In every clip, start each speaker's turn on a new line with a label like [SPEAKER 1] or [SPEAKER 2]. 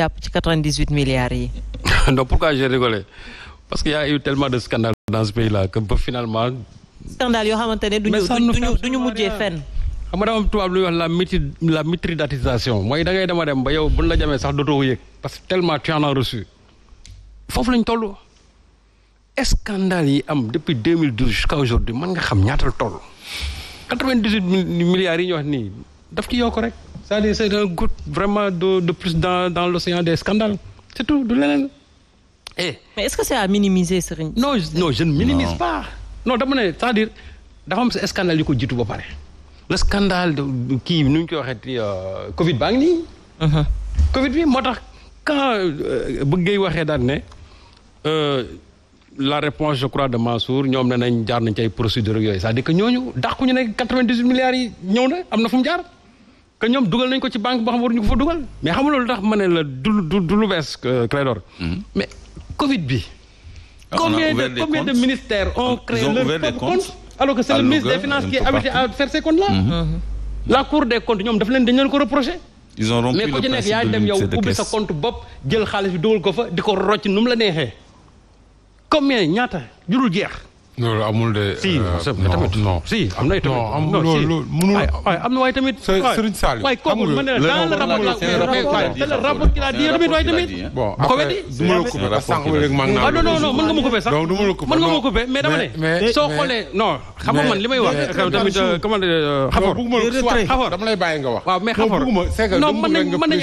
[SPEAKER 1] jàpp ci 98 milliards yi.
[SPEAKER 2] non pourquoi j'ai rigolé parce que y a eu tellement de scandales dans ce pays là que ba finalement.
[SPEAKER 1] scandale yoo xamante ne duñu duñu duñu mujjee fenn.
[SPEAKER 2] xam nga dama tubaab lu ñuy la mitri mooy da ngay dama dem ba yow buñ la jamee sax dootoo yëg parce que tellement tu en as reçu foofu lañ toll scandale yi am depuis 2012 jusqu'à aujourd'hui man nga xam ñaatal toll 98 milliards yi ñu wax nii. daf ci yokk rek c'est-à-dire un goutte vraiment de de plus dans dans l'océan des scandales c'est tout du leneen.
[SPEAKER 1] eh mais est-ce que c'est à minimiser Serigne. non non
[SPEAKER 2] je ne minimise non. pas. non dama ne cest dire dafa am sa scandale yu ko jiitu ba pare. le scandale kii nu ñu koy waxeeti euh, Covid baa ngi nii. Uh-huh. Covid bi moo tax quand euh, bu waxee daal ne euh, la réponse je crois de Mansour ñoom ne nañ jaar nañ ci ay yooyu c'est-à-dire que ñooñu dàquñu ne quatre-vingt-dix-huit yi ñëw na am na fu mu jaar. que ñoom dugal nañ ko ci banque boo xam waruñu ko fa dugal mais xam loolu tax ma ne la du du du lu bees euh, Clédor mm-hmm. mais Covid bi. Ah, combien de combien de ministères ont créé leur propre compte alors que c'est le ministre mm-hmm. Mm-hmm. la cour des comptes ñoom daf leen dañ leen ko reproché.
[SPEAKER 1] ils ont rompu mais ku ci nekk yaay dem yow ubbi sa compte
[SPEAKER 2] bopp jël xaalis bi dugal ko fa di ko rocc nu mu la neexee. combien ñaata jurul jeex. loolu amul de. si euh, tamit non si am na tamit. non loolu munul am na waaye tamit. Serigne Saliou waaye kooku ma ne la dans le rapport la tamit waaye tamit. bon ma la coupé parce que sànq ba ah, léegi maa non non non mën nga ma coupé sax. donc du ma ma coupé mais dama ne. li may wax. tamit euh, comment euh, dama lay bàyyi nga wax. waaw mais xafor non mën nañ mën nañ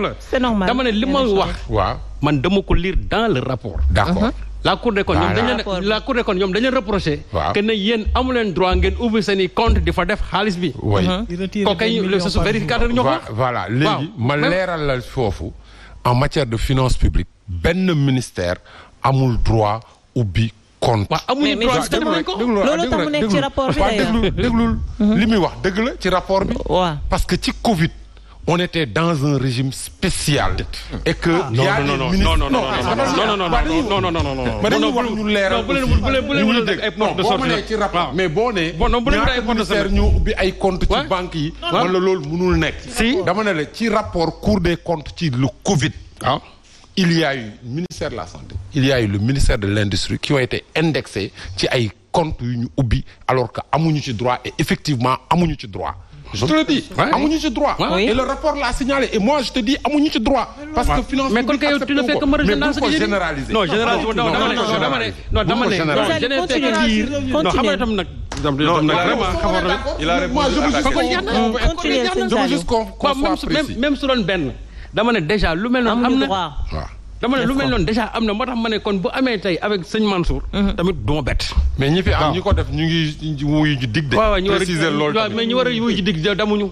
[SPEAKER 2] la. c'est normal dama li ma wax. waaw man dama ko lire dans le rapport. d'accord la cour des comptes ñoom dañ leen la cour des droit ngeen ubbi seen compte di fa def xaalis bi uh-huh. ko kay le su vérificateur ñoo ko
[SPEAKER 3] léegi ma leeral la foofu en matière de finance publique benn ministère amul droit ubbi compte waaw amuñu droit loolu tax mu nekk ci rapport bi déglul déglul uh-huh. li muy wax dëgg la ci rapport bi parce que ci Covid on était dans un régime spécial. et que y a des ministres non non non non non non non non non non non non non non dañu wax ñu leeral aussi mais boo nee ñaata ministère ñu ubbi ay compte ci banque yi wala loolu mënul nekk si dama ne la ci rapport Cour des comptes ci lu Covid ah il y a eu ministère de la santé il y a eu le ministère de l'industrie qui ont été indexés ci ay comptes yu ñu ubbi alors que amuñu ci droit et effectivement amuñu ci droit je te le dis. amuñu ci droit. et le rapport l'a signalé et moi je te dis amuñu
[SPEAKER 2] ci droit. parce que finance mais kon kay yow tu je ne dama non dama non je ne dire non xam nga tam nag. non vraiment a déjà lu mel noonu dama ne lu mel noonu déjà am na moo tax ma ne kon bu amee tey avec sëñ Mansour. Mhm. tamit duma bett. mais ñi fi am ñi ko def ñu ngi wuyu ji dig de. waaw waaw mais ñu war a wuyu ji dig de demuñu.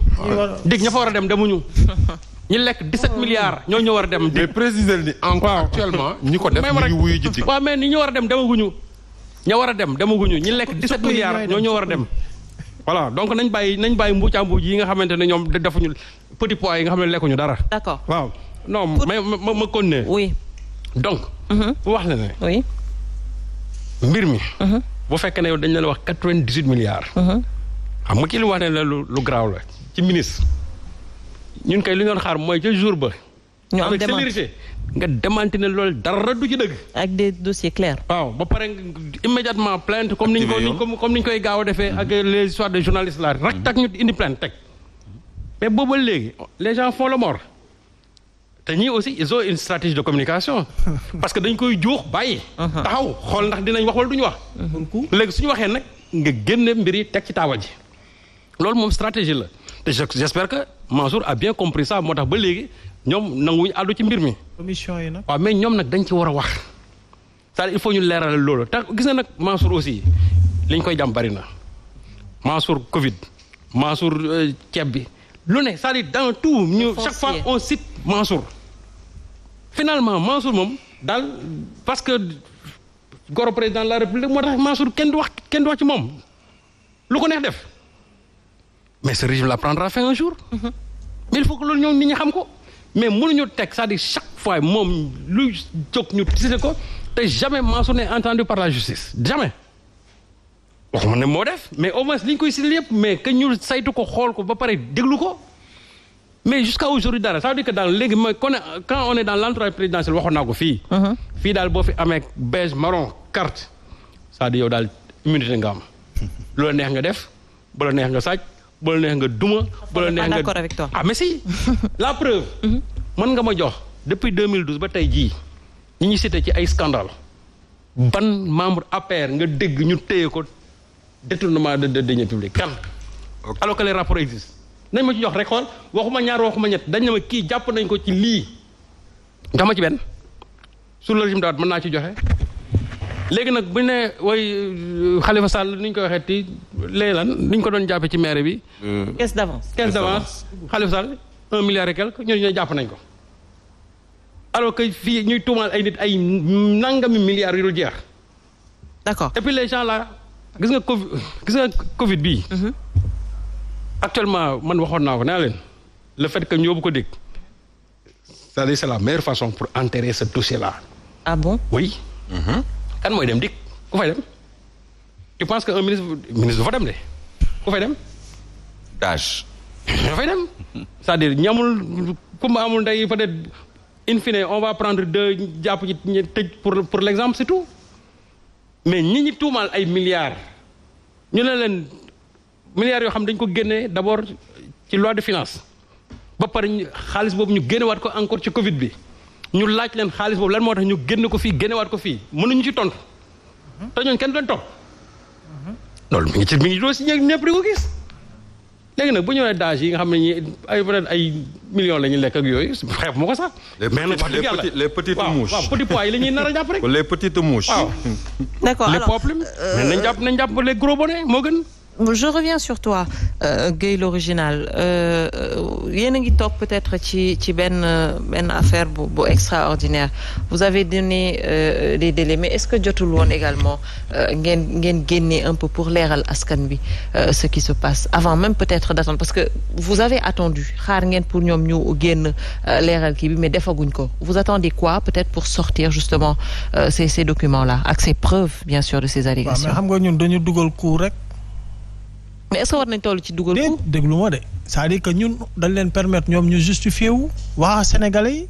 [SPEAKER 2] ña fa war a dem demuñu. ñi lekk 17 milliards ñoo ñu war a dem. dig mais préciser ni encore actuellement. ñi ko def ñu ngi wuyu ji dig. mais ni ñu war a dem demaguñu. ña war a dem demaguñu ñi lekk 17 milliards ñoo ñu war a dem. voilà donc nañ bàyyi nañ bàyyi mbuucaa mbuuj yi nga xamante ne ñoom defuñu petit poids yi nga xam ne lekkuñu dara. d'accord waaw non mais ma ma ne oui donc. Mhm. wax la ne. oui. mbir mi. Mhm. bu fekkee ne yow dañ la wax quatre vingt dix huit milliards. Mhm. xam nga kii lu wax ne la lu lu la ci ministre. ñun kay li ñu doon xaar mooy ca jour ba.
[SPEAKER 1] ñu am demande
[SPEAKER 2] nga démenti ne lool dara du ci dëgg.
[SPEAKER 1] ak des dossiers clairs.
[SPEAKER 2] waaw ba pare immédiatement plainte comme ni ñu ko comme ni ñu koy gaaw a defee ak les histoires de journalistes là rak tak ñu indi plainte teg mais booba léegi les gens font le mort. te ñii aussi ils ont une stratégie de communication parce que dañ koy juux bàyyi. Uh-huh. taxaw xool ndax dinañ wax wala du ñu wax. Uh-huh. léegi suñu waxee nag nga génne mbir yi teg ci taabal ji loolu moom stratégie la te j'espère que Mansour a bien compris ça moo tax ba léegi ñoom nanguwuñu àddu ci mbir mi.
[SPEAKER 1] commission yi nag.
[SPEAKER 2] waaw mais ñoom nag dañ ci war a wax cest à il faut ñu leeralal loolu te gis na nag Mansour aussi liñ koy jàm bari na Mansour Covid Mansour euh, ceeb bi. lu ne cest à tout ñu chaque fois on cite Mansour finalement Mansour moom daal parce que goro président de la république moo tax Mansour kenn du wax kenn du wax ci moom lu ko neex def mais ce régime la prendra fin un jour. il faut que loolu ñoom nit ñi xam ko. mais mënuñu teg cest à chaque fois moom lu jog ñu tise ko te jamais Mansour n'est entendu par la justice jamais. waxuma ne moo def mais au moins li koy si yëpp mais que ñu saytu ko xool ko ba pare déglu ko. mais jusqu'à aujourd'hui dara ça veut dire que daal léegi mooy quand on est dans l'entourage présidentiel waxoon naa ko fii. Uh-huh. fii daal boo fi amee beige marron carte cest à yow daal immunité nga am. loola neex nga def bala neex nga sàcc bala neex nga duma. bala neex nga d'accord avec toi ah, si. la preuve. Uh-huh. mën nga ma jox depuis 2012 ba tey jii ñi ñu sete ci ay scandale ban membre APR nga dégg ñu téye ko détournement de de deniers publics kan. alors que les nañ ma ci jox rek xool waxuma ñaar waxuma ñet dañ ne ma kii jàpp nañ ko ci lii jox ci benn su le régime dawaat mën naa ci joxe léegi nag bu ne way euh, Khalifa Sall ni ñu ko waxee ti léegi lan ko doon jàppe ci maire bi. Euh, caisse d'avance caisse d'avance Khalifa Sall un milliard et quelque ñooñu ñooy jàpp nañ ko. alors que fii ñuy tuumaal ay nit ay nangami milliards yu dul jeex. d'accord et puis les gis nga Covid gis bii. Mm-hmm. actuellement man waxoon naa ko naa leen le fait que ñoo bu ko dégg c'est-à-dire c'est la meilleure façon pour enterrer ce dossier là. ah bon oui. Mm-hmm. kan mooy dem dikk ku fay dem. tu penses que un ministre ministre dafa dem de ku fay dem. dage. dafay dem cest dire ñamul ku ma amul ndey peut-être in fine on va prendre deux jàpp ci tëj pour pour l'exemple c'est tout mais ñi ñi tuumaal ay milliards ñu ne leen. milliards yoo xam ne dañ ko génnee d' abord ci loi de finance ba pare xaalis boobu ñu génnewaat ko encore ci Covid bi ñu laaj leen xaalis boobu lan moo tax ñu génn ko fii génnewaat ko fii mënuñu ci ton te ñooñu kenn doon topp loolu mu ngi ci mi ngi doon si ñëpp di ko gis. léegi nag bu ñëwee daaj yi nga xam ne ñi ay ay millions la ñuy lekk yooyu ma ko sax. mais nag wax dëgg yàlla les petites mouches waaw petits pois yi les petites euh, mouches. waaw
[SPEAKER 1] d' accord alors les nañ jàpp nañ jàpp les gros bonnets moo gën. je reviens sur toi euh, Guèye l'original euh, euh, yéen a ngi toog peut-être ci ci benn benn affaire bu bu extraordinaire vous avez donné euh, des délais mais est-ce que jotul woon également euh, ngeen ngeen génne un peu pour leeral askan bi euh, ce qui se passe avant même peut-être d'attendre parce que vous avez attendu xaar ngeen pour ñoom ñu génn leeral kii bi mais defaguñ ko vous attendez quoi peut-être pour sortir justement ces ces documents là ak ces bien sûr de ces allégations. waaw mais xam nga mais est-ce que war nañ toll ci dugal ko déglu ma de c'est-à-dire que ñun dañ leen permettre ñoom ñu justifié wu waa Sénégalais yi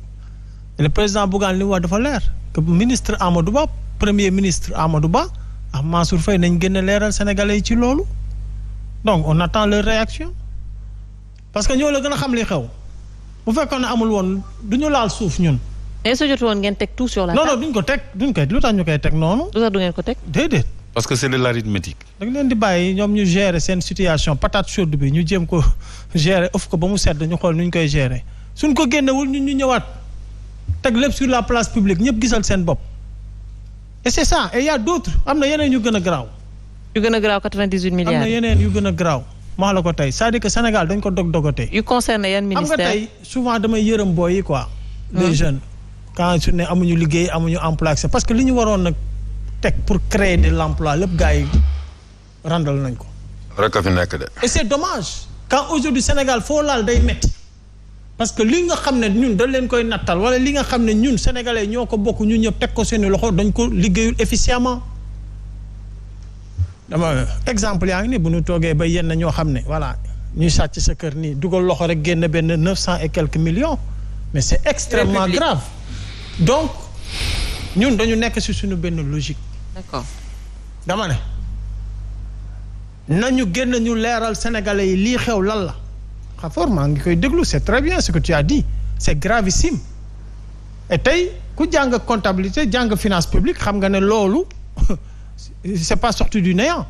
[SPEAKER 1] le président Bougane li mu wax dafa leer que ministre Amadou Ba premier ministre Amadou Ba ah Mansour Faye nañ gën a leeral Sénégalais yi ci loolu donc on attend leur réaction parce que ñoo la gën a xam li xew bu fekkoon ne amul woon du ñu laal suuf ñun. woon ngeen teg tout sur la. ko teg duñ koy lu tax ñu koy teg noonu. lu tax du ngeen ko teg. parce que c'est de l'arithmétique. da nga leen di bàyyi ñoom ñu gérer seen situation patate chaude bi ñu jéem ko gérer ëff ko ba mu sedd ñu xool nu ñu koy gérer suñ ko génnewul ñun ñu ñëwaat teg lépp sur la place publique ñëpp gisal seen bopp et c'est ça et y a am na yeneen yu gën a garaaw. yu gën a garaaw 98 milliards am na yeneen yu gën a garaaw. maa la ko tey c'est-à-dire que Sénégal dañ ko dog dogatee. yu concerne yan ministère am nga tey souvent damay yërëm booy yi quoi. jeune hmm. jeunes quand su ne amuñu liggéey amuñu emploi parce que li ñu waroon nag. teg pour créer de l'emploi lépp gars yi randal nañ ko.
[SPEAKER 2] rek a fi nekk de.
[SPEAKER 1] et c'est dommage. quand aujourd'hui Sénégal foo laal day metti parce que li nga xam ne ñun dañ leen koy nattal wala li nga xam ne ñun sénégalais ñoo ko bokk ñun ñëpp teg ko seeni loxo dañ ko liggéeyul efficiemment dama exemple yaa ngi ne bu nu toogee ba yenn ñoo xam ne voilà ñuy sàcc sa kër nii dugal loxo rek génn benn neuf cent et quelques millions mais c'est extrêmement grave donc ñun dañu nekk ci suñu benn d'accord dama ne nañu génn ñu leeral sénégalais yi lii xew lan la xafoor maa ngi koy déglu c'est très bien ce que tu as dit c'est gravissime et tey ku jàng comptabilité jàng finance publique xam nga ne loolu c'est pas sorti du néant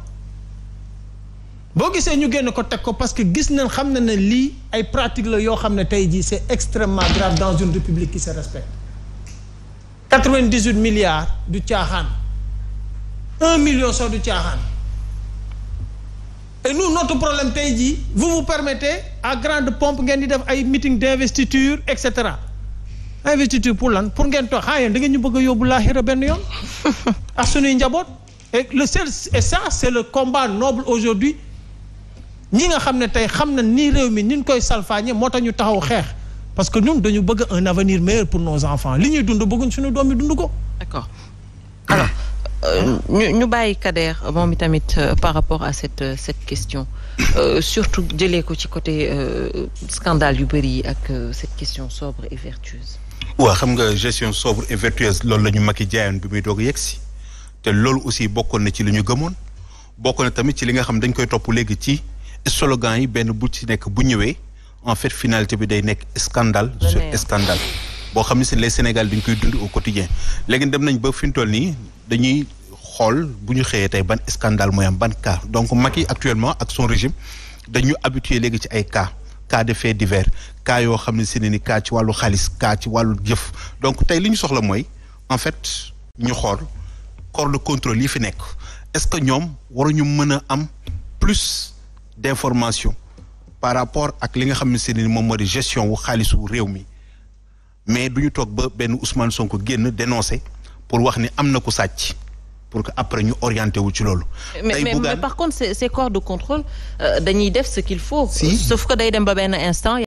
[SPEAKER 1] boo gisee ñu génn ko teg ko parce que gis na xam na ne lii ay pratique la yoo xam ne tey jii c'est extrêmement grave dans une république qui se respecte quatre-vingt-dix-huit milliards du caaxaan un million sax du caaxaan et nous notre problème tey jii vous vous permettez à grande pompe ngeen di def ay meeting d' investiture et cetera investiture pour lan pour ngeen toog xaa ah, yéen da ngeen ñu bëgg a yóbbu laaxira benn yoon ak suñuy njaboot et le seul et ça c' le combat noble aujourd'hui ñi nga xam ne tey xam na nii réew mi ni ñu koy salfaañe moo tax ñu taxaw xeex parce que ñun dañu bëgg un avenir meilleur pour nos enfants li ñuy dund bëgguñ suñu doom yi dund ko d'accord Euh, ñu ñu bàyyi Kader moom itamit euh, par rapport à cette euh, cette question euh, surtout jëlee ko ci côté euh, scandale yu bëri yi ak cette question sobre et vertueuse.
[SPEAKER 3] waaw xam nga gestion sobre et vertueuse loolu la ñu Macky jaayoon bi muy doog yegg si te loolu aussi bokkoon na ci lu ñu gëmoon bokkoon na tamit ci li nga xam dañ koy topp léegi ci slogan yi benn bu ci nekk bu ñëwee en fait finalité bi day nekk scandale sur scandale. boo xam ne si les Sénégal dañ koy dund au quotidien léegi dem nañ ba fi mu toll nii dañuy xool bu ñu xëyee tey ban scandale mooy am ban cas donc yi actuellement ak son régime dañu habitué léegi ci ay cas cas de faits divers cas yoo xam ne si ne ni cas ci wàllu xaalis cas ci wàllu jëf donc tey li ñu soxla mooy en fait ñu xool corps de contrôle yi fi nekk est-ce que ñoom waruñu mën a am plus d'information par rapport ak li nga xam ne si ne ni moom moo di gestion wu xaalis réew mi mais du ñu toog ba benn Ousmane Sonko génn dénoncé pour wax ni am na ku sàcc pour que après ñu orienté wu ci loolu. mais mais par
[SPEAKER 1] contre ces corps de contrôle euh, dañuy def ce qu'il faut. sauf que day dem ba benn instant.